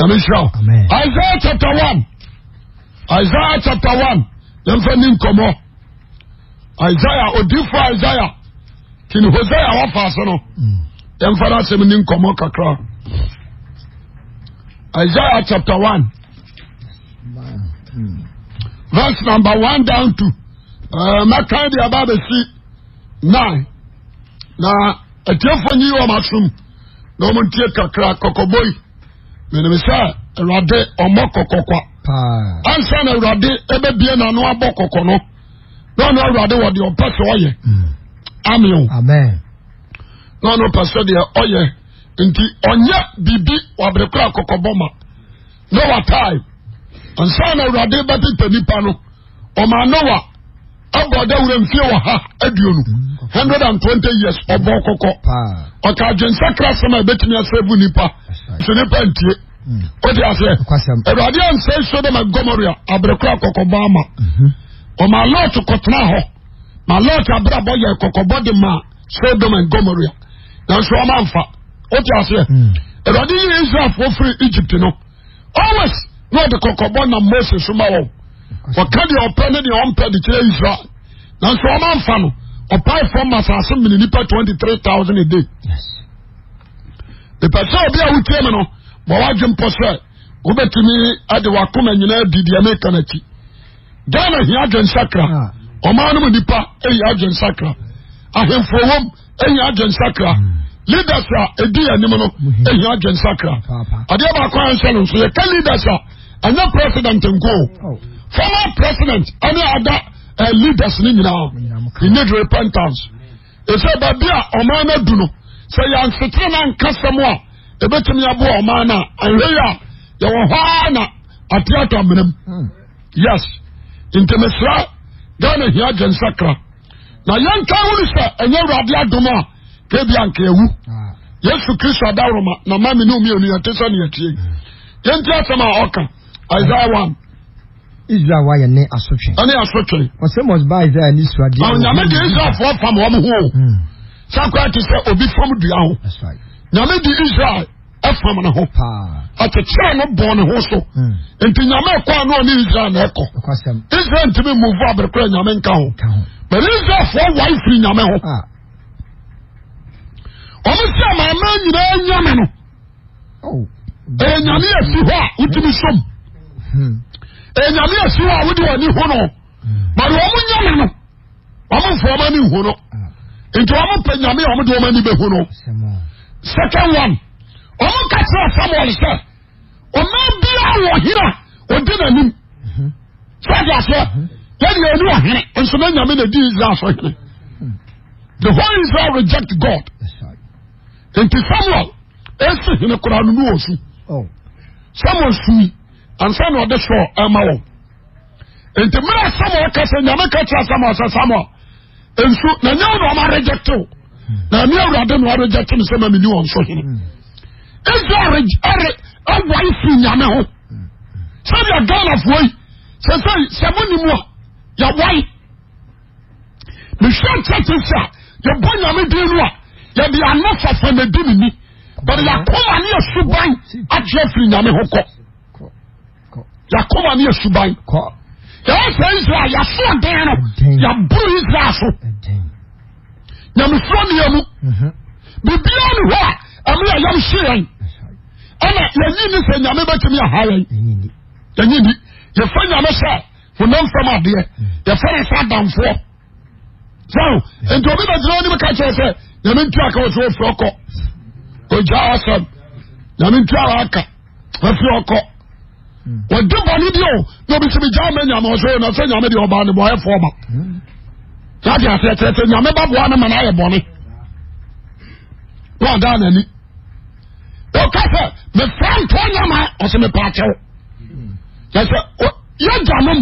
Nyame Isaiah chapter one. Isaiah chapter one. Yɛmfa ni nkɔmɔ. Isaiah odifo Isaiah. Kini Hosea wafa so no. Yɛmfa n'asɛm ni nkɔmɔ kakra. Isaiah chapter one. Verse number one down to. Eh, Mɛka de aba abɛsi nine. Na atiɛfo nyi wa ma som. Na wɔn tie kakra kɔkɔbɔ yi menim sɛ awurade ɔmmɔ kɔkɔ kwa ansa na awurade ɛbɛbie n'ano abɔ kɔkɔ no na ɔno awurade wɔde ɔpɛ sɛ ɔyɛ ameo na ɔno pɛ sɛ deɛ ɔyɛ nti ɔnyɛ biribi wabere kora kɔkɔbɔ ma na watae ansa na awurade bɛteta nipa no ɔma noa abɔ dawura mfie wɔ ha aduonu hundred and twenty years ọbọ kọkọ ọkà àjẹnsakra sẹmà ẹbẹtìmí asẹbù nípa sẹ nípa ntiẹ hmm. ó di asẹ ẹwurade ansa sodom and gomoria abirikura kọkọ bá ama mhm. ọmọ alọt kọtena hɔ ma alọt abirabọ yẹ kọkọ bọ di ma sodom and gomoria ọmọ anfa ó di asẹ hmm. ẹwurade yìí israel fún firi egypt no always ní ọdí kọkọ bọ na moses ma wọn ọkà di ọpẹ ní di ọmpẹ israel nanso ọmọ no ɔpae fam asase mini nipa twenty three thousand a day ìpèsè obi a wotie mi no bọ̀ wá dwe mpọ sẹ́ wobɛtumi ade wakoma nyinaa di deɛ meka n'akyi ghana hia adwe nsakra ah. ɔman no mu nipa ɛyɛ adwe nsakra ahemfo wom ɛyɛ adwe nsakra hmm. leaders a ɛdi yɛn anim no ɛyɛ adwe nsakra adeɛ baako a nhyɛ no nso yɛka leaders a ɛnyɛ president nko oh. former president ɛne ada leaders ni nyinaa He need repentance efe baabi a ɔman no du no sɛ yansetena na nkasa mu a ebetumi aboa ɔman no a ahwɛ yi a yɛwɔ hɔ na ate ato amena mu hmm. yes ntɛmɛsira ghana hia gye nsakra na yɛnka wuli sɛ enye awurade adom a kebi anka ewu ah. yesu kristo adaroma na maame ne omi enu yɛn te sɛ ne yɛ tie hmm. yɛn ti asɛm a ɔka isaiah one israel wa yɛ ne asotwe. ɛne asotwe. ɔsɛ must buy israel ni suadeɛ. ɔnyame de israel fɔ fam wɔn ho hmm. sakura ti sɛ obi fam dua ho nyame de israel ɛfam ne ho ɔkyekyere no bɔn ne ho so hmm. nti nyame kɔ ano ɔne israel na ɛkɔ israel ntumi muvu abirikura nyame nka ho mɛ israel fɔ wɔn firi nyame ho ah. ɔmo sɛ maama nyinaa nyame no oh. ɛyɛ nyame yɛ fi hɔ a wotumi som. Hmm enyame asi a wode w'ani ho no mari wɔn nyɛ wɔn no wɔn mfo wɔn ani ho no nti wɔn pɛ nyame a wɔn de wɔn ani bɛ ho no second one wɔn ka kyerɛ samuel sɛ ɔman biara wɔ hira ɔdi n'anim mhm. sɛde aseɛ mhm. yɛde yɛn wɔ hene nso na nyame na di israel so hene mhm. the whole israel reject god nti samuel esi hene koraa no wɔ su oh. samuel sumi ansa na ɔde soro ɛma wɔn nti mmerɛ asam a ɔkasa nyame ka kyerɛ asam a ɔsɛ sam a nsu na nyɛ na ɔma rejectew na ɛmi awurade na ɔrejecte ne sɛ ma meni wɔn so hene israel ɛre ɛwɔe fi nyame ho sɛdeɛ ghanafoɔ yi sɛsɛi sɛ monim a yɛwɔe mehwɛ churches a yɛbɔ nyame din no a yɛde ano fafa na di ne ni but yɛakoma ne yɛsuban atwerɛ firi nyame ho kɔ yakoma ne asuban yɛsɛ israel yɛso ɔden no yɛboro israel so nyamesuro nea mu biribiaa ne hɔ a ɛmo yɛ yam hye yɛn ɛna yɛnyi ne sɛ nyame bɛtumi aha yɛn yɛnyi ni yɛfa nyame sɛ honamfam adeɛ yɛfa ne sɛ adamfoɔ so nti obi bɛgyina wonim ka kyerɛ sɛ nyame ntua ka wɔ sɛ wɔfiri ɔkɔ ogyaa asɛm nyame ntua waaka wafiri ɔkɔ wɔde bɔne bi o na obitumi gya ma nyame ɔsɛ na sɛ nyame deɛ ɔbaa ne bɔyɛ fɔ ba yàtì àti ẹtẹ ẹtẹ nyame bá bọ̀ ọ́ ne ma n'ayẹ bọ̀ ni wọ́n dá n'ani o kẹsẹ̀ mi fẹ́ ntọ́ nyama ọ̀sẹ̀ mi pàtẹ́ hmm. o yẹsẹ̀ yẹ gyanum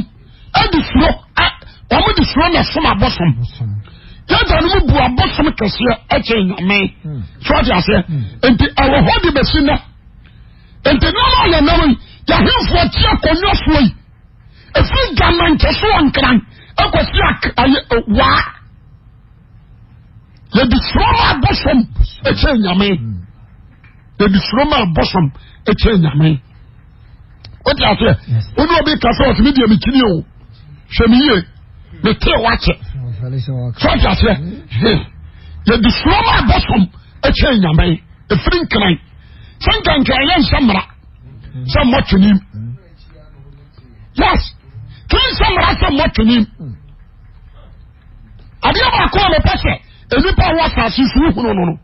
ẹdi suro ẹ ọmọ di suro na sọm abọ́sọm yẹ gyanum bu abọ́sọm kẹsíẹ ẹkyẹ nyame hmm. sọ́ọ̀tì hmm. àti ẹ nti ẹwọ hó di bẹ̀sí náà nti nneọma ọ̀yẹ̀ náà yìí yàhínfọ tí akonnwa fún yi efi gama nkyɛnso nkran ɛkɔ si ayɛ waa yɛdi suroma abosom ekyɛ nyame yɛdi suroma abosom ekyɛ nyame o ti ase o ni obi kasa o ti mi di emi kini o hwɛ mi yie mi ti wa kyɛ so ti ase yɛdi suroma abosom ekyɛ nyame efiri nkran sankankran yɛ nsɛmra sɛ mmɔtwenim yes tumi sɛ mmara sɛ mmɔtwenim adeɛ baako a mepɛ sɛ nnipa a wɔ asase so wohunu no no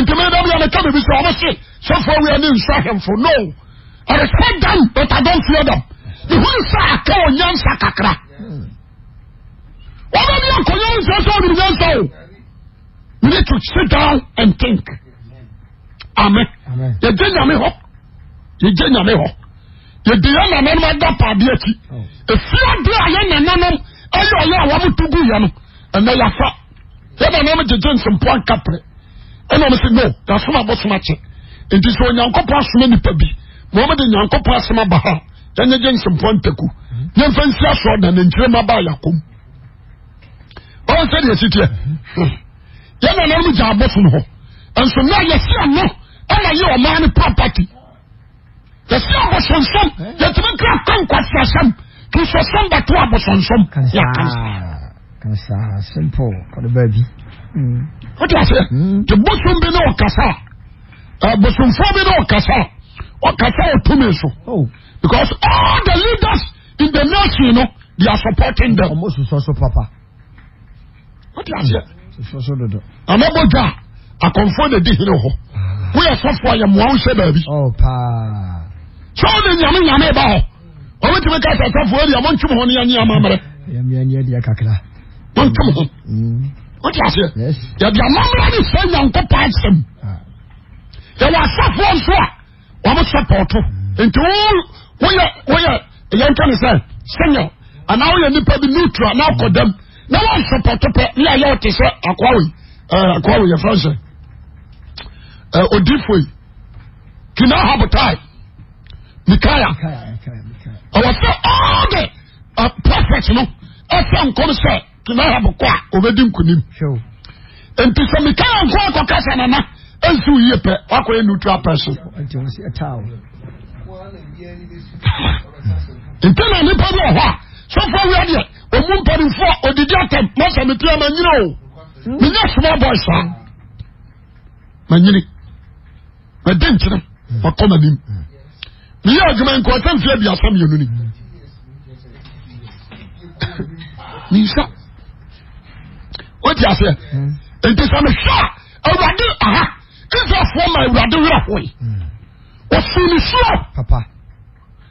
ntumi dɛm yɛ meka biribi sɛ ɔmo se sɛfoɔ wia ne nsu ahemfo no I respect them but I don't fear them the whole saa ka wɔ nyansa kakra wɔn ani akɔnya nsa sɛ ɔmo nyansa o we need to sit down and think amen yɛgye nyame hɔ yɛgye nyame hɔ yɛdi yɛ nananom ada paade akyi ɛfi oh. adeɛ a yɛ nananom ɛyɛ ɔyɛ a wɔmoto guyɛ no ɛnɛ yɛafa yɛ nananom gyegye nsɛmpo ankaprɛ ɛna ɔmo sɛ no yɛasoma abosom akyɛ nti sɛ onyankopɔn asoma nipa bi na ɔmo de nyankopɔn asɛm aba ha yɛnyɛ gye nsɛmpo ntaku yɛmfa nsi asoɔ da ne nkyerɛma baa yɛakom ɔwɔ sɛ deɛ sitiɛ yɛ nananom gya abosom hɔ nso yɛsi ano ɛna yɛ ɔmaa yɛsi abosonsom eh? yɛtumi kura kan kwasiasam kisosam bato abosonsom yɛ kansa. kansa simple ɔde bɛɛ bi. o ti a se te bosom bi na ɔkasa ɛ eh, bosomfo bi na ɔkasa ɔkasa ɔtumi so oh. because all the leaders in the nation no they are supporting them. ɔmo soso so papa. o ti a se. soso so dodo. anabodwa akɔnfo de di hinɛ hɔ. woyɛ sɔfo a yɛ mua n se baabi. ɔ oh, paa sọ ni nyame nyame ba hɔ ɔmo tìmi ká sɛ sɔfo ɛdi ɔmo ntwi mu hɔ ni yɛn ni yɛn mamrɛ. yɛn yɛn yɛn diɛ kakra. ɔmo ntwi mu mm. hɔ o ti aseɛ yɛdi amamrɛ ni sɛ nyanko pa asɛm ah. yɛwɔ asafo nso a ɔmo sɛ pɔtɔ mm. nti wo woyɛ woyɛ yɛn kɛ ni sɛ senior anaa woyɛ nipa bi neutral anaa kɔ dɛm na wɔn sɛ pɔtɔ pɛ ne ayɛ ɔte sɛ akwawe ɛɛ eh, akwawe yɛ fɛn sɛ ɛɛ eh, odiifoe kina Mikaya. Ọwọ sẹ all the uh, prophets no ẹsẹ nkọm sẹ kìnnìyà bọkọ a òbẹ di nkunim. Nti sẹ Mikaya nkọ akọ kẹsẹ nana ẹnsi yie pẹ wakọ yẹ neutral person. Nti na nipa bi wọ hɔ a sọfọ awia deɛ omu mpanimfoɔ odidi atam mọsa mi pia ma nyina o mi hmm? nya small boy saa ma nyini ma di nkyerɛ ma kɔ ma nim. Hmm yíyá adwuma nkọ ọtẹ nfi ẹbi asa mmienu ni ní nsa o ti ase nti sami hwá awurade aha israfo ma awurade wura hó yi osun ni suo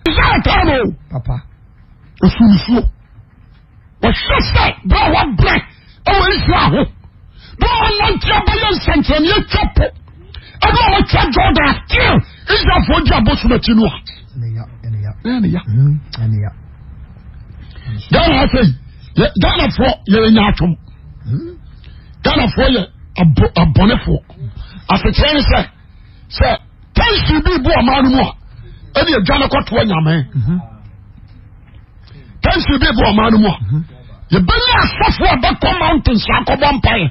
israel tán o osun ni suo wọhwẹ sẹ bẹẹ wà brẹ ẹwọ israel ho bẹẹ wọn nantí abẹyẹ nsẹntsẹnni etwa po ẹbí wọn twa jọdá kíl israelfoɔ gye abosom akyi no a ɛneya ghana afei ghanafoɔ yɛyɛ nyaatwom ghanafoɔ yɛ abɔnefoɔ asekyerɛ ne sɛ sɛ tansi bi bu ɔman no mu a ɛne adwane kɔtoa nyame tansi bi bu ɔman no mu a yɛbɛnya asɔfoɔ a bɛkɔ mountain saa kɔbɔ mpaeɛ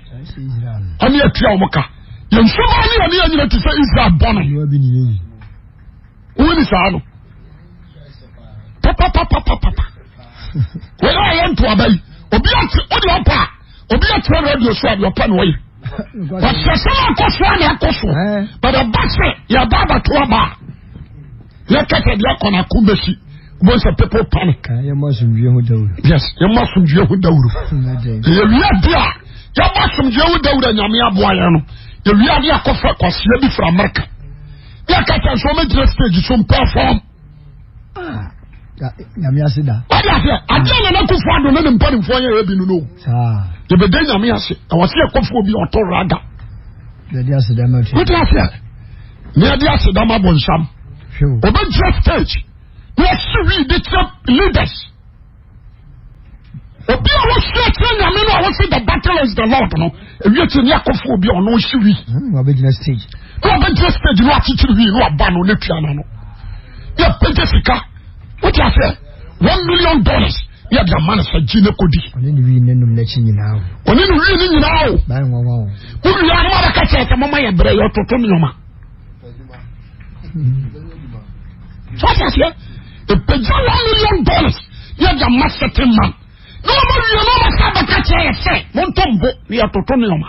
ɛne atua wɔ mo ka yɛnsoma ne yɛne yɛnyina te sɛ israel bɔne wọn ni saa no papapapapapa wọn a yẹ ntoaba yi obi ati ọdi ọpa obi ati ọdi ọdi osu ọdi ọpa na ọyẹ ọsẹsẹ akọsọ na akọsọ bàtà bàtà yàda abàtọ ọba yẹ kẹkẹ di akọ na akọ bẹsi wọn sẹ pépé panic. yẹ mọ asomdue ho dawuro. yes yẹ mọ asomdue ho dawuro. yẹ wia bi a yẹ mọ asomdue ho dawuro ẹnyàmíyà bọ ayẹ no yẹ wia bi akọfẹ kọsíẹ bi fún amẹrika yẹ kata so ọmọ gyina stage so perform. Ah, nyame ase da. wọ́n yà sẹ́ adé nana kó fún adùn nínú mpánimfọ́ yẹn ebi nínú. dèbèdè nyame ase àwọn sí ẹ̀kọ́ fún obi ọ̀tọ̀ rada. yàdí ase dá ma tu. wọ́n ti ase ní yàdí ase dá ma bọ̀ nsàm. ọbẹ̀ gyina stage ní ọ̀sùn wíì dé kyerẹ́ leaders obi a wosi akyerɛ nyame no a si the battle is the lord no ewi akyerɛ ni akɔfo obi a ɔno osi wi. Hmm, wabɛgyina stage wabɛgyina stage no akyekyere hwii no aba no ne tuana no yɛpɛgye sika wote asɛ one million dollars ne yɛde ama no sɛ gyi ne kɔdi ɔne ne wii ne nyinaa o wowie anoma bɛka kyerɛ sɛ mama yɛ berɛ yɛtoto nneɔma so wote aseɛ ɛpɛgya one million dollars ne yɛde ama certain man na ɔma wie no ɔma sa bɛka kyerɛ yɛ sɛ montɔ mbo ne yɛtoto nneɔma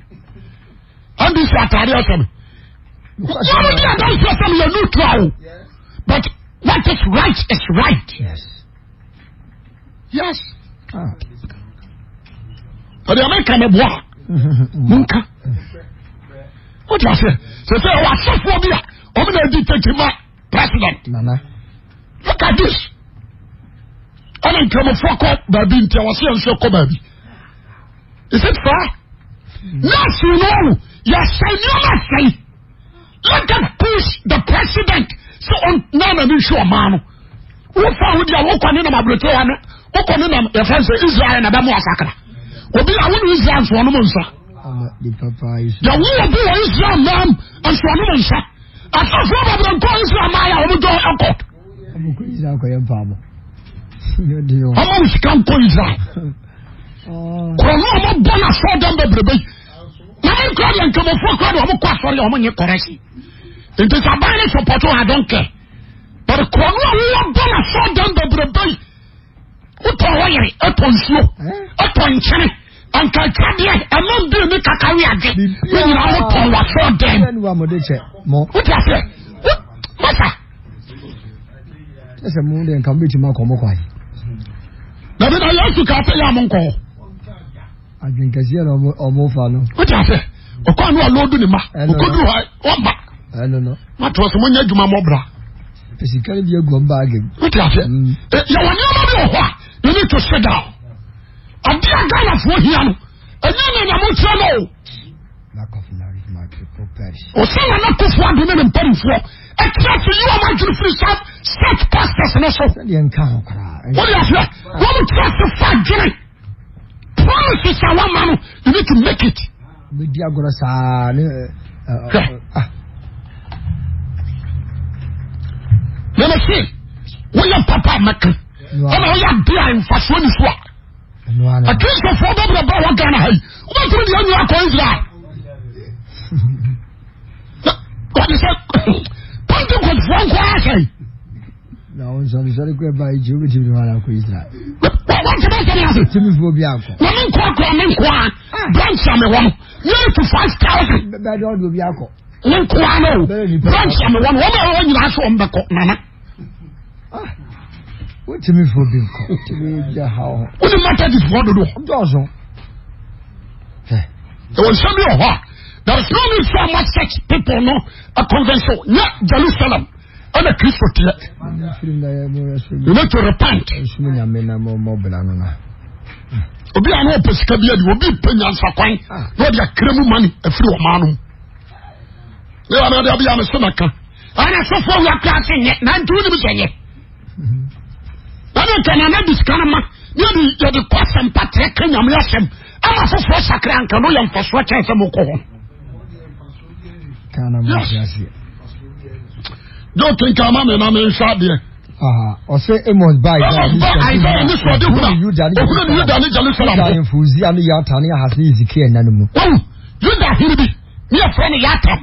ndc atare asɛm wọn mu di adansi asɛm yɛ neutral o but what is right is right yes yes ɔdi amɛka mi bua nka o ti a se sese ɔwɔ asɔfo bi a ɔmu na edi tete ma president look at this ɔna nkramofoɔ kɔ baabi nti a wɔsi yɛn nso baabi is it fair nurse yi n'olu yɛsɛ nneɛma sɛi let them push the president sɛ na na bi nhwe ɔmaa no wofa wo deɛ wokɔ ne nam aborɔkyerɛwa no wokɔ ne nam yɛfɛ sɛ israel na bɛmo Asakara. obi a wone israel nsoɔnom nsa yɛwo obi wɔ israel nam nsoɔnom nsa asafoɔ babrɛnkɔ israel maayɛ a wɔmodɔ ɛkɔ ɔma wo sika nkɔ israel kurɔno ɔmɔbɔ oh. no asɔɔdɛm bebrebe yi Nine crowd and come four crowd or more sorry or money correction. It is a bad support, I don't care. But a corner of Bona saw down the Brabay. Up on wire, up on slow, up on chin, and Katabia, and not do the Kakaria. When you are up on what saw them, what was it? What's that? There's a moon and come to Makomoko. Now, I also can't say I'm on call agbenkasi yẹn na ọmọ fa no. o ti a fẹ ọkọ àná ọlọ́ọ̀dún ni ma ọkọ dùn wa ọba. ẹnu nọ. má tọ́ sọ mo ń yẹ jùmọ̀ mọ́ bra. èsì kárí egu mm. ọmọ báàgì. o ti a fẹ yàwọn ní ọmọ bí wọ hɔ a you need to sit down. A àgànà fún òhìyà no ẹ̀yìn ni ìyàmú tiẹ̀ náà o. lack of knowledge ma kiri pro parish. ọ̀sán wọn náà kó fún adùn ní mpẹ́rìfọ́ ẹ fi yíwọ́ set pastors náà so. wọ́n di àfẹ́ wọ́n mu tí a ti fa jìnnì. Promise a wọ́n ma no you need to make it. mi di agorɔ saa ne. nana se woyɛ papa mɛka ɛna woyɛ adi a nfasuo ni so a akinsofoɔ bɛbɛrɛ bá wɔn gana ha yi wɔn tún di ɛnu akɔ israel wọ́n sọ pentikot fún ọkọ àṣẹ yìí. na wọn sọ ní sọrí kó ẹ bá ìjì omi tìmí wọn àkó israel. wọ́n ti bá sọ ní àṣẹ. tìmí fún obi àkọ nkɔ kura ne nkɔ a ah. branch a mi wɔ no yɛn to five thousand. bɛɛ de ɔdi obi akɔ. ne nkɔ a no branch a mi wɔ no wɔn a wɔn nyinaa sɔ wɔn bɛ kɔ nana. o ti mi fo bi nkɔ ti mi ja ha ɔ. o ni mata ti fɔ dodo. jɔnso. ɛwɔ nsɛm bi wɔ hɔ a there is no need for much such people no a convention nye jerusalem ɛna kristu tiɛ you need to repent obi a na ɔpɛ sika bi adi obi pɛ nyansa kwan ah. na ɔde akere mu mani afiri ɔman no ne wa na ɔde ɔbi a meso ka ɔna sɔfo awura kura se nyɛ na nturu ni bi sɛ nyɛ ɛna nka na na di sika no ma ne yɛde yɛde kɔ asɛm patere ka nyame asɛm ama foforɔ sakra nka no yɛ mfasoɔ kyɛn sɛ mokɔ hɔ yes dɔw tinka ama mi na mi nsa adeɛ ọsẹ amos ba isaiah ní sọdí kuna okuna ni yuda ni jerusalem bọ. yuda nfuzi ani yata ni ahasi ezekiel nanu mu. wọn yuda ahiri bi ni efra ni yata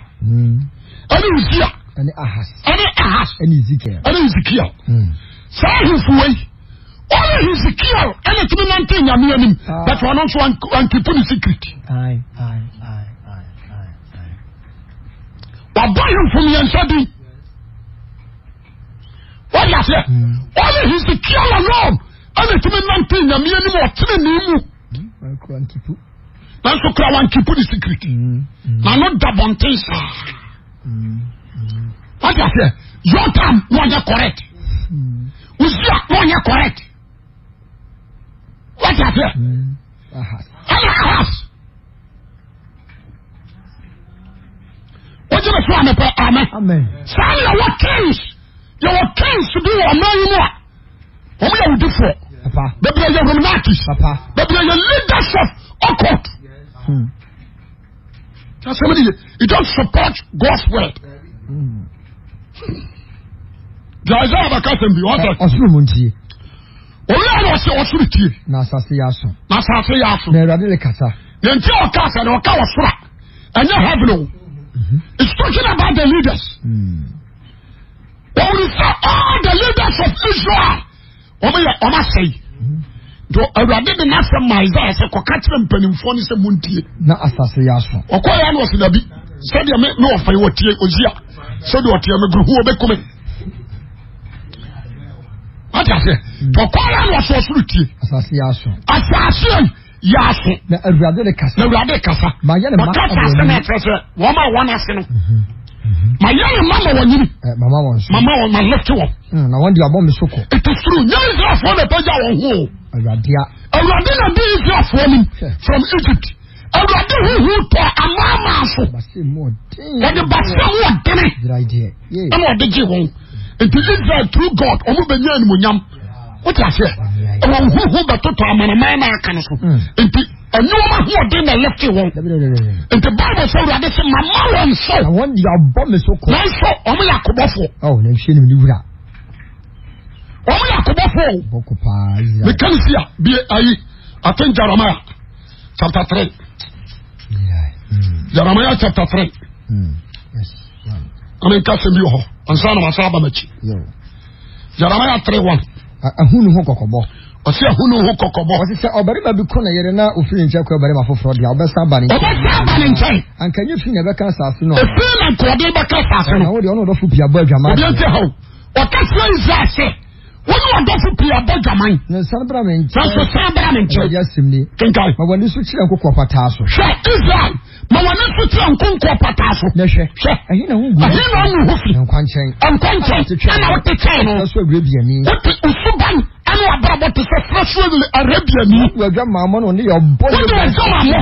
ẹni uzia ẹni ahas ẹni ahas ẹni ezekiel ẹni hmm. ezekiel sáà hinfuwe yi ọyọ ezekiel ẹni tí mi náà ń tẹ ẹnyàmú ẹni mu bẹẹ tí wọn náà nso ankipu ni secret. wàá bá hinfu mi yẹn nsọ dín wọ́n yà sẹ́ hmm. wọ́n yẹ Hezekiah alone ẹni tí mi nante nyàmé ẹni mu ọ̀tí ni mu. nanso kura wa nkipu di sikiri nanu dabọnten saa wọ́n yà sẹ́ Yotam wọ́n yẹ correct hmm. Uzziah wọ́n yẹ correct wọ́n yà sẹ́ ẹni hmm. Ahaz. Wọ́n jẹ́ bẹ̀ fún àmì pẹ̀ àmì. Sáà ni àwọn yɛwɔ kings bi wɔ ɔman yi mu a wɔn yɛ awudifoɔ baabi yɛ ruminatis baabi yɛ leaders of occult asɛm de yɛ you don't support God's word di Isaiah abaka sɛm bi ɔsɛ ɔsoro mu ntie owura na ɔsɛ ɔsoro tie na asase yɛ aso na asase yɛ aso na le kasa na nti ɔka asɛ na ɔka ɔsoro a ɛnyɛ heaven o mm-hmm. it's talking about the leaders. Mm wọ́n wí sẹ́ all the leaders of Israel wọ́n yẹ ọmọ sẹ́yìn do awurade de n'asɛm ma Isaiah sɛ kɔka kyerɛ mpanimfoɔ no sɛ muntie na asase yɛ aso ɔkɔ yɛ na ɔsi dabi sɛdeɛ me ne ɔfa yi wɔtie ozia sɛdeɛ ɔteɛ me guru hu obɛkume ɔte aseɛ ɔkɔ yɛ na ɔsɔ ɔsoro tie asase yɛ aso asase yɛ aso na awurade de kasa na awurade de kasa ma yɛ ne ma ɔkasa asɛm ɛkyerɛ sɛ wɔn a wɔn ase no. Mhm ma yẹ mi mama wọ nyiri mama wọn so mama wọn ma lẹfti wọn. na wọn di abọ mi so kọ. ètò suru nyẹ israfo na pẹja wọn hó. awurade a. awurade na di israfo ni from egypt awurade huhu tọ amaama so wọde basa mu ọdini ẹna ọdi gye wọn ètò israel through god ọmọ bẹ nyẹ ẹnumọnyam wọ́n ti àṣẹ ẹ̀wọ̀n huhu bẹ̀ tó tọ amanaman náà kan so ètò ɛnum ahoɔden na ɛyɛ fi wɔn nti baibu sɛ wulade sɛ mama wɔn sɛ wɔn yà bɔ mi so kɔ nanso wɔn yà kɔbɔfo ɔwɔ na nfiɛ nimu ni wura wɔn yà kɔbɔfo bɔkɔ paa yira mi kan si a bie ayi ati n jaramaya chapter three hmm. jaramaya chapter three hmm, ami n ka se mi wɔ hɔ ansa na ma sa ba ma ci jaramaya three one ahunu ho kɔkɔbɔ ɔsi ahunu ho kɔkɔbɔ. ɔsi sɛ ɔbarima bi kɔ na yɛrɛ na ofiri nkyɛn kɔ ɔbarima foforɔ deɛ ɔbɛsa aba ne nkyɛn. ɔbɛsa aba ne nkyɛn. anka nye fi na ɛbɛka asase no. efi na nkɔɔde bɛka asase no. ɛna o de ɔno ɔdɔfo pii abɔ adwaman. obi eti hɔ ɔka sɛ nsa ase wọn ni ɔdɔfo pii abɔ adwaman. na nsan bra mi nkyɛn. sase san bra mi nkyɛn. ɔdi asim ni. kinkai. ma wɔn ni so kyerɛ nkokɔ pataa so. hwɛ israel ma wɔn ni so kyerɛ nkokɔ pataa so. na hwɛ. hwɛ ɛhin na n gu. ɛhin na n gu. nkwankyɛn. nkwankyɛn. ɛna wɔte kyɛn no. ɛna so ewia biani. wɔte osuban ní abrabọ ti sẹ fẹsẹ arabia ni. wọ́n jẹ́ màá mọ́ ní òní yẹ bọ́ ní ẹgbẹ́ ọ̀sán. wọ́n jẹ́ màá mọ́ ọ̀nà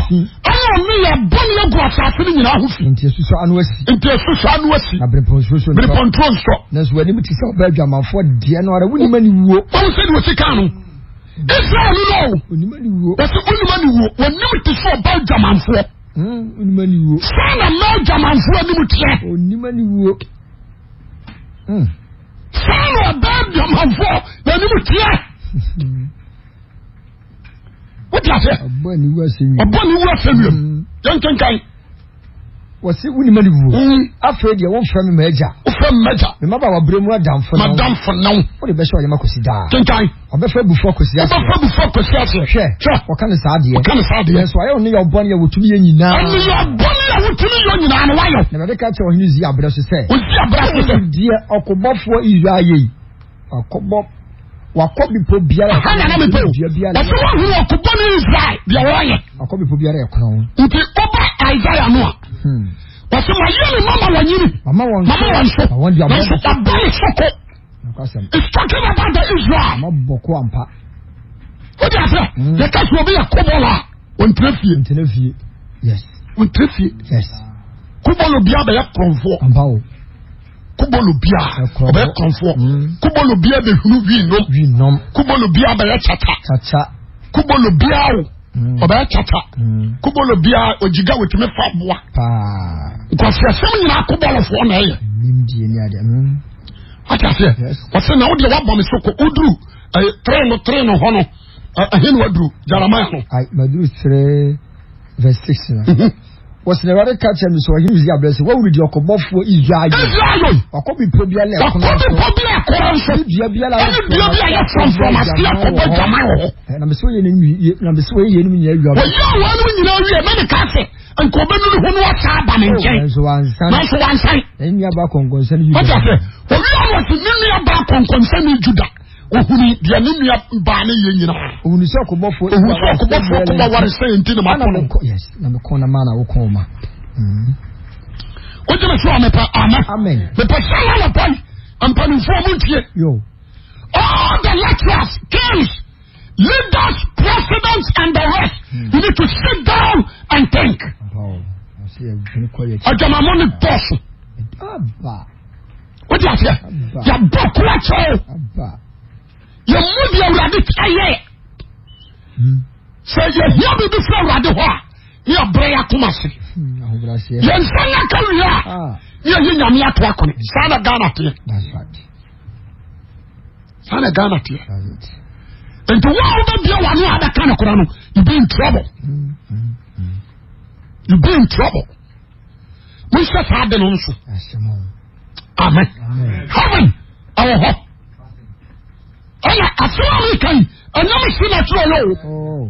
òní yẹ bọ́ ní ẹgbẹ́ ọ̀sán ní nyina ahufi. nti esusu anu esi. nti esusu anu esi. na biripon soso nsọ. biripon tó nsọ. nẹsùn wẹ́n ni mi ti sẹ́ ọbẹ̀ adwamanfọ́ diẹ náà rẹ̀ wọ́n ni mẹ́ni wo. wọ́n sẹ́ni wọ́n ti kánú israel lọ o yasi onimọ ni wo wọn nimu ti sọ ọba jamanfoɔ sanna mɛ jamanfoɔ onimọ ni wo saa na ɔbaa diamanfoɔ n'anim tia wotu ase ɔbɔ ne wu asɛm yam yɛn kankan. wɔsi ni wu. afei deɛ wɔn fɛn mi ma ɛja. o fɛn mi ma ɛja. mɛ ma ba wa bere mu adanfo naw. madanfo naw. o de bɛ sɛ ɔyɛ ma kosi daa. kankan. ɔbɛ fɛ bufɔ kosi ase. ɔbɛ fɛ bufɔ kosi ase. hwɛ hwɛ ɔka ni saa deɛ. ɔka ni saa deɛ. ɛsɛ ɔyɛ o ni yɛ ɔbɔ ni yɛ wotu ni yɛ ni a wotumi yɔ nyinaa no wayɔ. na bɛde ka kyerɛ ɔhene zi abirɛ so sɛ. o zi abirɛ so sɛ. deɛ ɔkɔbɔfoɔ iyo ayɛ yi ɔkɔbɔ wakɔ bipo biara. ɛhɛn nana bipo ɔsɛ wɔn hu ɔkɔbɔ ne israel deɛ wɔyɛ. wakɔ bipo biara yɛ kɔnɔ. nti ɔba aizaya no a. Hmm. ɔsɛ wɔyɛ ne mama wɔn yiri. mama wɔn so mama wɔn so nso ɔba ne soko. it's talking about the israel. mama bɔ ko ampa. o de ase. Hmm. yɛ kasi obi yɛ kɔbɔ la. o n tẹ fie. o n tẹ fie yes ntiri fie kubolo bia bɛ yɛ kurɔnfoɔ kubolo bia ɔbɛ yɛ kurɔnfoɔ mm. kubolo bia bɛ huru wii nom kubolo bia bɛ yɛ kyata kubolo bia mm. mm. o ọbẹ̀ kyata kúbọ̀lù bíà òjìgá wòtúmí fa bua nkọ̀síẹ̀sẹ̀m nyinaa kúbọ̀lù fọ́ náà yẹ. Ati aseɛ ɔsɛ na wòde wà bọ̀mí soko wòduru ɛɛ tírẹ̀nù tírẹ̀nù hɔ no ɛhìn wòduru jaramaya no. ayi maduru sere verse six na wɔsɛn ɛwɛrɛ kakyɛ mi sɛ ɔyɛ mi si abirɛsɛ wɔwuri di ɔkɔbɔfoɔ israel ɔkɔ bi pɛ bi ala ɛkɔnɔ sɔ ɔkɔ bi pɛ bi akɔrɔ nsɔ bia bi ala ɛkɔnɔ bia bi ayɛ fɔnfɔn asi akɔbɔ jama wɔ hɔ na mɛ sɛ oyɛ ne nwi ye na mɛ sɛ oyɛ ne mu nyɛ wia. oyi awo anum nyinaa wia mɛ ne ka fɛ nkɔbɛ nunu ho ni wa saa ba ne ohun deɛ ne nua baa ne yɛ nyinaa. ohun sɛ akobɔfo ohun sɛ akobɔfo akobɔ wari sɛ nti na ma kɔn yes na mi kɔn na maa na o kɔn o ma. o jẹ́ sọ àmì pa àmà mẹ̀pẹ̀ sáyà wà pa yìí àmpanimfo ọmọ all the lecturers kings leaders presidents and the rest mm. you need to sit down and think. ọjọ́mọ̀mọ́ oh, ni bọ́ọ̀sì. o jẹ́ àfẹ́ yà bọ́ kúlẹ̀ yɛ mu di awurade kyɛyɛ hmm. sɛ yɛhia biribi firi awurade hɔ a ne yɛbrɛ yɛ akoma se hmm, yɛnsa nya ka wie a ne ah. yɛyɛ nyame ato akone saa na ghana teɛ saa na ghana teɛ nti wo a wobɛbia wɔ ano a bɛka no kora no you be in trouble hmm, you be in trouble monhyɛ saa de no nso amen Amen. ɛwɔ hɔ ɛna asɛm mm-hmm. mm-hmm. a meka yi ɛnam si na kyerɛ ɔyɛ o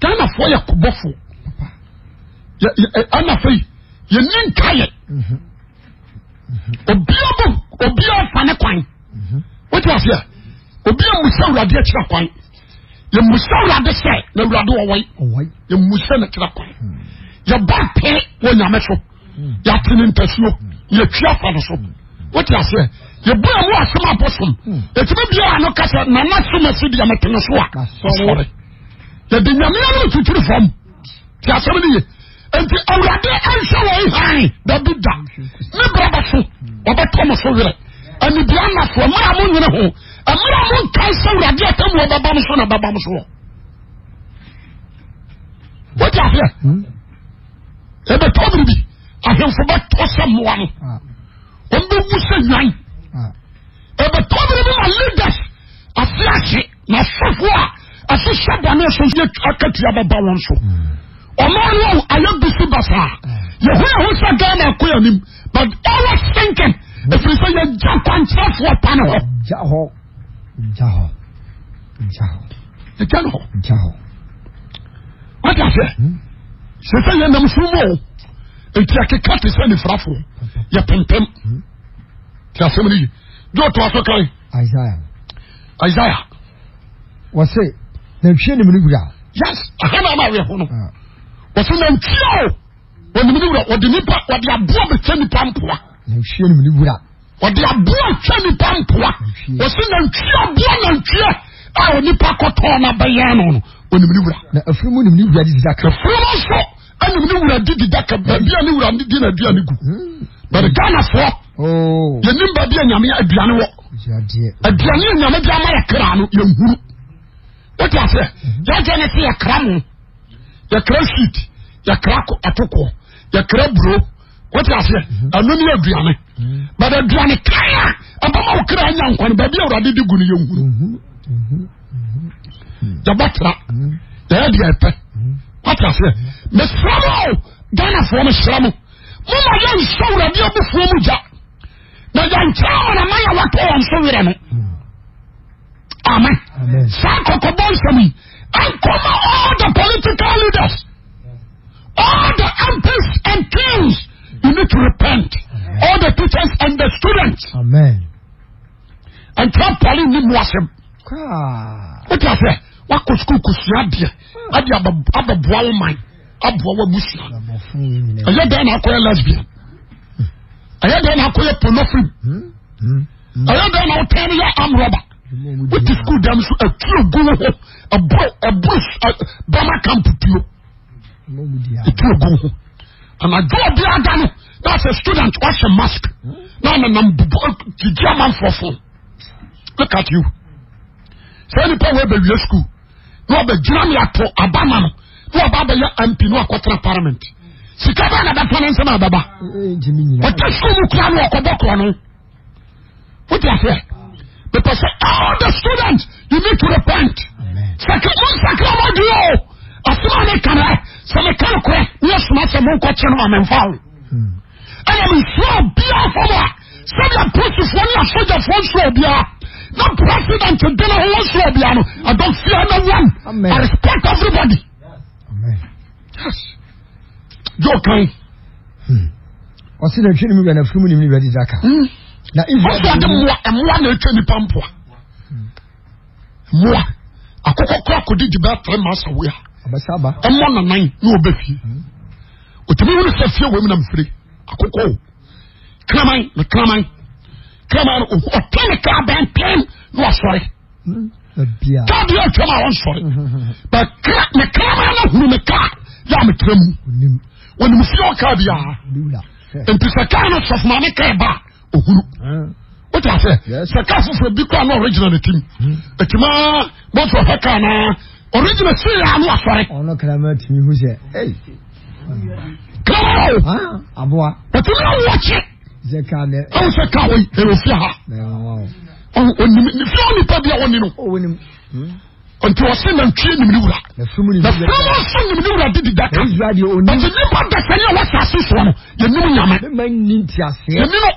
ghanafoɔ yɛ kɔbɔfoɔ ɛna fɛ yi yɛni nkaeɛ obiara bɔ obiara fa ne kwan wotu mm-hmm. aseɛ obiara musa awurade akyerɛ kwan yɛ musa awurade sɛ na awurade wɔwɔi yɛ musa kyerɛ kwan mm. yɛ pɛ wɔ nyame so mm. yɛ ne ntasuo mm. yɛ afa no so wotu aseɛ yɛbu a mu asɛm abosom ɛtumi hmm. biara no kasa na na som asi deɛ metene so a sɔre yɛde nyamea no tuturi fam nti asɛm no ye enti awurade anhyɛ wɔ hann baabi da ne bra bɛso wɔbɛtɔ mo so werɛ anibia nafoɔ mmerɛ a monyene ho mmerɛ a monkae sɛ awurade atam wɔ bɛba m so na bɛba m so wɔ wodi aseɛ hmm? yɛbɛtɔ biribi ahemfo bɛtɔ sɛ mmoa no ah. wɔmbɛwu sɛ nwan ɛbɛtɔ bere bi ma leaders ase ase na asafo a ɛhyehyɛ bɔne asɛnsi akatua bɛba wɔn so hmm. ɔmaa no a ayɛ bisi basaa yɛho yɛ hmm. ho sɛ ghana akɔ anim but always thinking ɛfiri hmm. sɛ yɛgya kwankyerɛfoɔ pa ne hɔ gya hɔ gya hɔ gya hɔ gya ne hɔ gya hɔ wata sɛ sɛ sɛ yɛnam so mu o ɛti akeka te sɛ nifrafoɔ yɛpempem ti asem ni yi jo to aso kan. isaiah. isaiah. wọ́n sè uh. ah, na nhwie ni mu ni wura. yes ahana ama awia ho no wọ́n sè na ntia o wọ́n ni mu ni wura wọ́n di nipa wọ́n di aboa bẹ tẹ nipa mpoa. na nhwie ni mu ni wura. wọ́n di aboa tẹ nipa mpoa wọ́n sè na ntia aboa na ntia a onipa kọtọ n'abẹyẹ ano no wọ́n ni mu ni wura. na efiri mu ni mu ni wura di didaka. efiri mu nso ɛnum ni wura di didaka baabi a ni wura di na di a ni gu bẹ̀rẹ̀ ghana fọ́ yẹnim baabi a nyame aduane wɔ aduane a nyame bi ama yɛ kra no yɛ nhuru wote asɛ mm-hmm. yɛgye ne sɛ yɛkra mo yɛkra sweet yɛkra atokoɔ yɛkra buro wote aseɛ mm-hmm. ɛno ne aduane mm-hmm. but aduane kan a ɛbɛma wo kra anya nkwa no baabi a awurade de gu no yɛnhuru yɛbɛtra yɛyɛ deɛ ɛpɛ wote aseɛ mesra Ghana ghanafoɔ me mo woma yɛ nsɛ wurade abufuo mu gya na yɛnkyerɛ ɔnama yɛ wɔtɔ wɔn so werɛ no amen saa kɔkɔbɔ nsɛm yi ɛnkɔma all the political leaders all the emperors and kings you need to repent all the teachers and the students amen ɛnkyerɛ ni mu asɛm wotia sɛ woakɔ sukuu kosua ah. adeɛ ade abɛboa wo man aboa wabusua ɛyɛ dɛn na akɔyɛ lesbian ɛyɛ dɛn na akɔyɛ pornophilim hmm? hmm? hmm? ɛyɛ dɛn na wotɛn no yɛ amrɔba wote sukuu dam so atuo gu wo ho ɛboro ɛboro bama camp tuo atuo gu wo ho anadwo obi ada no na sɛ student wahyɛ mask na nanam bubu gyigyi amanfoɔfo look at you sɛ nipa wo abɛwie sukuu na ɔbɛgyina me ato abama no tí ọba bẹ yẹ mp ní ọkọtara parliament sika bá nàbẹ pọn nsẹm àbẹbà ọtí sukuu kura ní ọkọ bọ kúrọ ní o ti àfẹ pẹpẹ sẹ all the students you need to repent sakiri mo sakiri ọmọ di o asọmọ mi kàn ẹ sọmi kàn kúrẹ ní ẹsùnmọ sẹ mo ń kọ kyẹn wọn mi nfa o ẹnna mi sọ bíyà fọmọ a sẹbi apọsifoɔ ní asọjàfoɔ nsọ bíyà na president dín ní ọwọ nsọ bíyà no I don't fear no one I respect everybody jọ kan. Hmm. ọsẹ hmm. na ntwi mu wia na funu ni mu ni wia didi aka. na ivu adi mu. ọsẹ mua mua na etwa nipa mpua mua hmm. akokɔ kura kodi di bɛ tẹrɛ maa sawo ya. abasaba. ɛmɔ nanan ni o bɛ fi. otumi wuli sɛ fie wo mu na nfiri akokɔ o kraman na kraman kraman ɔtɛn ni kaa bɛn pɛn ni wa kaa bi a twɛ ma a wɔn sɔre bɛ kra ne kraman na huru ne kaa yà mí tẹ̀lé mu wọn mu fi ọkà bi a mpisaka no sọfúnma ne ká ẹ bá òhuru o ti àfẹ saka foforọ bi kọ àná ọrẹgyina ne ti mu ètùmá bọ́tù ọ̀fẹ́ ká náà ọrẹgyina sí yà ánú àfọrẹ. ọ̀nà kìlámà tì mí hu hmm? sẹ. kílámà o aboa ètùmí àwọn ọ̀kyẹ́ ẹ̀wọ̀n sẹ ká wọ́n yìí ẹ̀rọ fi nti ɔsɛ nantwie nim ne wura na firimu nso nim ne wura didi daka ɔte nipa dasa ne a wasase hmm. soɔ no yɛnim nyame yɛni no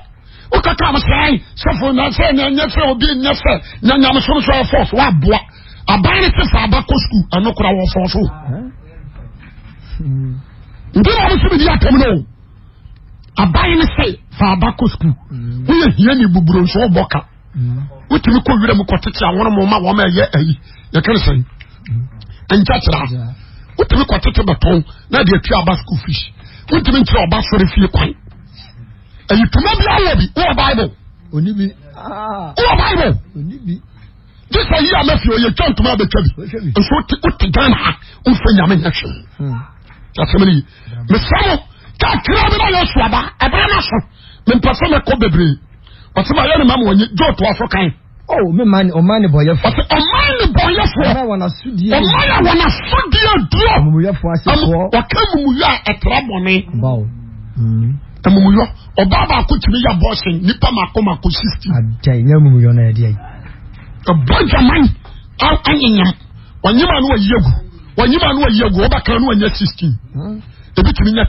wokaka m sɛe sɛfo nasɛ nyɛ sɛ obi nyɛ sɛ na nyame som so ɛfɔs woaboa aban ne se fa aba kɔ skul ɛno kora wɔfɔ so nti na ɔmo so bidi atam no o aban ne se fa aba kɔ skul woyɛ hia ne buburo nso wobɔ ka wotumi kɔ wira mu kɔtete awono mu ma wɔn ɛyɛ ɛyi yɛkɛrɛ sɛn nkyɛkyerɛ wotumi kɔtete bɛtɔn na deɛ tua aba school fees wotumi nkyerɛ ɔba sɔre fie kwan ɛyi tuma bi awɔ bi wɔ bible onibi wɔ bible onibi disa yi a mɛfi oyɛ twɛn tuma abɛtwa bi nso wote ghana ha nfa nyame nyɛ hwee yasɛm hmm. ni yi mesamu kakra bi na yɛ suaba ɛbɛn na so mempɛ sɛ mɛkɔ bebree ọsẹ maa yẹ ni mamu wọnyi jọ tó ọsọ kan. ọ oh, mi maa ni ọmaa ni bọyẹfọ. ọsẹ ọmaa ni bọyẹfọ. ọmaa wọn asudie. ọmaa yà wọn asudie dúró. amumuyẹfọ asefọ. ọkẹ mumuyọ a ẹtẹrẹ bọni. bawo. Mm. amumuyọ ọba baako tìmí yà bọ́ọ̀sì nípa mako mako sixty. ajá ìyá amumuyọ náà yẹ di yẹ. ọbọ jamani anyanyam wọn yìí maa ni wọn yẹ gu wọn Wanyima maa ni wọn yẹ gu ọba kan ni wọn yẹ sixteen hmm. ebi tìmí yẹ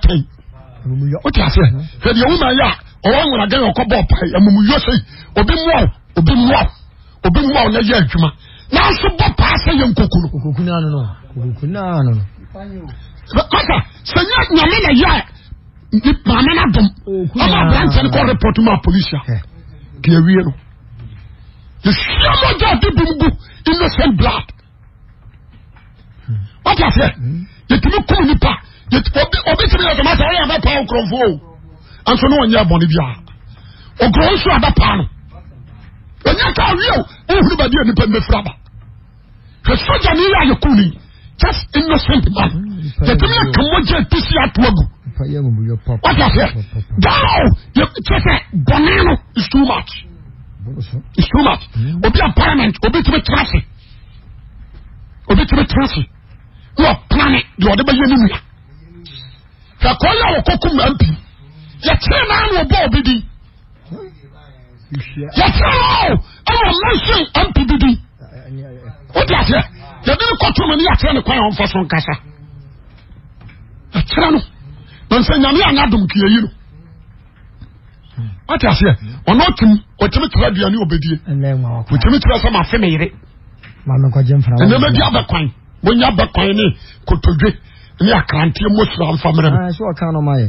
Mumu ya. Oti ti a fẹ fẹ di ewu maa yà ɔwɔ awuraden yɛ ɔkɔbɔ ɔpae amumuyɔ sɛ obi mu aw obi mu aw obi mu aw na yɛ adwuma n'aso bɔ paa sɛ yɛ nkokunu. nkokunu anono nkokunu anono. kɔsa sɛ nyɛ nyame na yɛ maame na dum ɔmɔ abirante ni kɔ report ma a polisi a kì í no the same ọjà ọdún bí bu innocent blood wọ́n ti àfẹ́ yẹtùmí kúrò nípa yẹtùmí obi tí mi yẹ sọ ma sọ ọ́ yẹ abẹ́ pa ọkùnrin fún nso ne wɔnyɛ bɔne biara ɔkorɔ nso ada paa no wɔnyɛ ka awie o nhuru baabi a nipa mmɛfiri aba hwɛ sogya ne yɛ ayɛko ni just innocent man mm, yɛtumi aka mmɔgya apisi ato agu wata sɛ dao kyɛ sɛ bɔne no is too much is too much mm. obi a parliament obi tumi tena se obi tumi tena se ne ɔpena ne deɛ ɔde bɛyɛ ne nua hwɛ kɔɔ yɛ wɔ kɔkum mp yɛkyerɛ naa na ɔbɔ obi din yɛkyerɛ naa o ɛwɔ lɛnsin npp din wodi aseɛ yɛde ne kɔtɔ mu ni yɛkyerɛ ne kwan a ɔmfa so nkasa yɛkyerɛ no na nsɛ nyame a n'adom kue yi no wati aseɛ ɔno ɔtum ɔtumi kyerɛ aduane obedie ɔtumi kyerɛ sɛ mafe me yere ɛnɛma di abɛkwan wonya abɛkwan ne kotodwe ne akranteɛ mosra mfa mmerɛ no ah,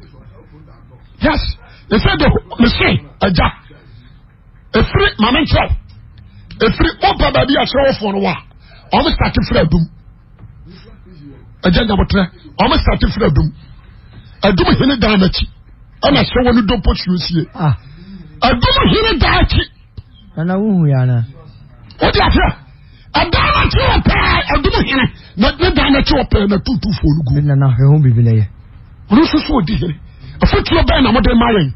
yes efe de mese ɛgya efiri maame nkyɛw efiri ɔba baabi akyerɛwɔfoɔ no wa ɔmo sati fira dum ɛgya nyabotrɛ ɔmo sati fira dum ɛdum hene dan n'akyi ɛna hyɛ wɔn do po tuo sie ɛdum ah. hene dan akyi. nana wuhu yana. o di akyerɛ ɛdan n'akyi wɔ pɛɛ ɛdum hene na ne dan n'akyi wɔ pɛɛ na tutu fo olugu. na ahwɛ ho bibi na yɛ. olu soso odi hene afotuo bɛn na mo de ma yɛn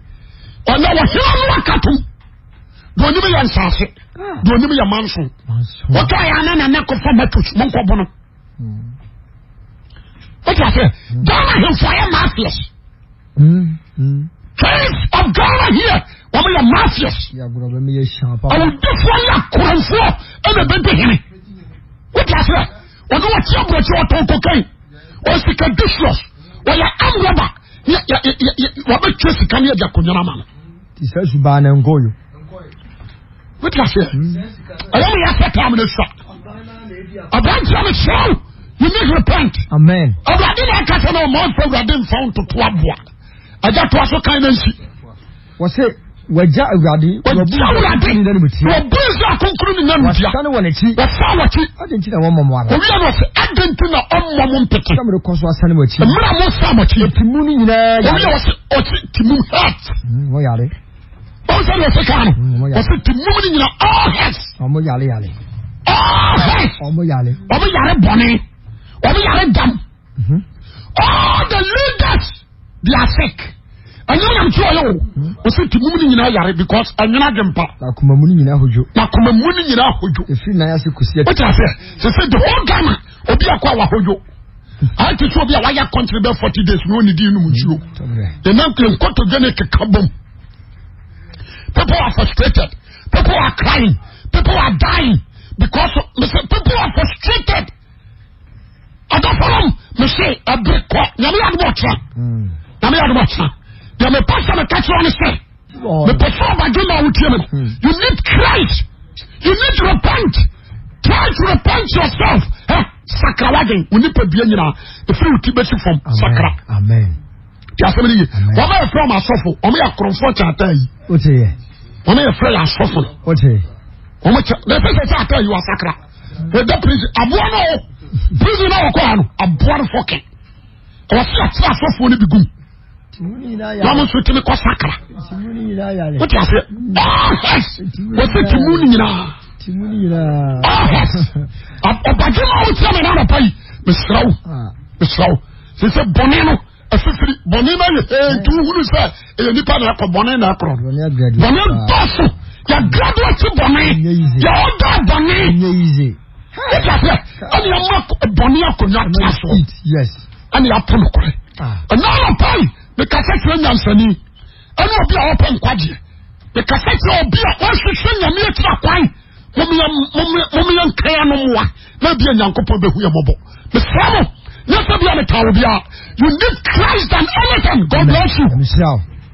ɔnna wɔhɛn no akato deɛ onim yɛ nsaase deɛ onim yɛ manso wɔtɔ yɛ ana na nakɔ fɔ matos mo nkɔ bono wotu ase ghana ahemfo ayɛ mafias kings of ghana here wɔn yɛ mafias awudifoɔ yɛ akoranfoɔ ɛna bɛnti hene wotu ase wɔn wɔte aburokyi wɔtɔn kokain wɔn sika disios wɔyɛ amraba wabɛtwa sika ne agya akonnwa no ama no nti sɛ subaa ne nkɔyo wote aseɛ ɛyɛ me yɛsɛ tam no sua aberanteɛ me hyɛw you need repent amen awurade na aka sɛ na ɔma mfa awurade mfa wo ntoto aboa agya toa so kan no nsi wɔ sɛ wàjà awurade wàjà awurade wàbú nsọ akunkuru ni nanu bia wàsán wà n'ekyi wàsán wà n'ekyi adi nti na wọn mọmọ ara owi àná sẹ adi nti na ọmọ mu mpete sọmọdé kọ so asán wà n'ekyi mìíràn mo sá wà n'ekyi tìmú ni nyinaa yàrá owi àná sẹ ọtí tìmú hẹt wọn yàrá wọn sọ wà sẹ káàró ọtí tìmú ni nyinaa all hẹt ọmọ yàrá yàrá all hẹt ọmọ yàrá ọmọ yàrá bọ̀nì ọmọ yàrá dam mhm. all the leaders they are sick ɛnyɛ onyam tí ɔyɛ o ɔsi ti mumu ni nyinaa yare because ɛnyina di mpa. na kumamu ni nyinaa hojo. na kumamu ni nyinaa hojo. efiri na yasi kusi ɛti. o ti a fɛ sese the whole ghana obi akɔ awa hojo ayi ti so obi a waya kɔntiri bɛ forty days n'o ni di inú nsuo ɛnna nkoto gane keka bom people are frustrated people are crying people are dying because listen people are frustrated ɔdɔ fɔlɔm mɛ se ɛbiri kɔ nyame yadu bɔ ɔkyerɛ nyame yadu They may pass on a catch on the The performer do not with him. Hmm. You need Christ. You need repent. Try to repent yourself. Eh? Sakra wagen. We need to be in the free Tibetan from Sakra. Amen. Yasemi yi. Wọ́n bá yẹ fẹ́ ọmọ asọ́fo. Ọmọ yẹ kọ̀rọ̀fọ́ ti ata yìí. O ti yẹ. Wọ́n yẹ fẹ́ yẹ asọ́fo. O ti yẹ. Ọmọ kyẹ. Lẹ́fẹ̀ sẹ́ sẹ́ ata yìí wà sakra. Ẹ̀dá prison. Aboa náà o. Prison náà wọ̀ kọ́ àná. Aboa náà fọ́kẹ́. Ọ̀sẹ̀ bi gùn wɔn nso tumi kɔ sakara wotu ase ɔhɛs wɔsi tumu ni nyinaa ɔhɛs ɔbajima o tia mi n'ana pa yi mesirawo mesirawo sise bɔnni no ɛsisiri bɔnni na yɛ ee duhuru sɛ ɛyɛ nipa na ɛkɔ bɔnni na ɛkɔrɔ bɔnni dɔɔso yɛ graduate bɔnni yɛ ɔda bɔnni wotu ase ɛni ɛma bɔnni akonnwa tena so ɛni apono kɔrɛ ɛnana pa yi mekasa kyerɛ nyansani ɛne obi a wɔpɛ nkwagyeɛ mekasa kyerɛ obi a wɔhwehwɛ nyame akyira kwan momeyɛ nkaa no mmoa na bia nyankopɔn bɛhu yɛ mmɔbɔ mesrɛ mo nyɛ sɛ bia meka wo bia you need christ and anything god bless you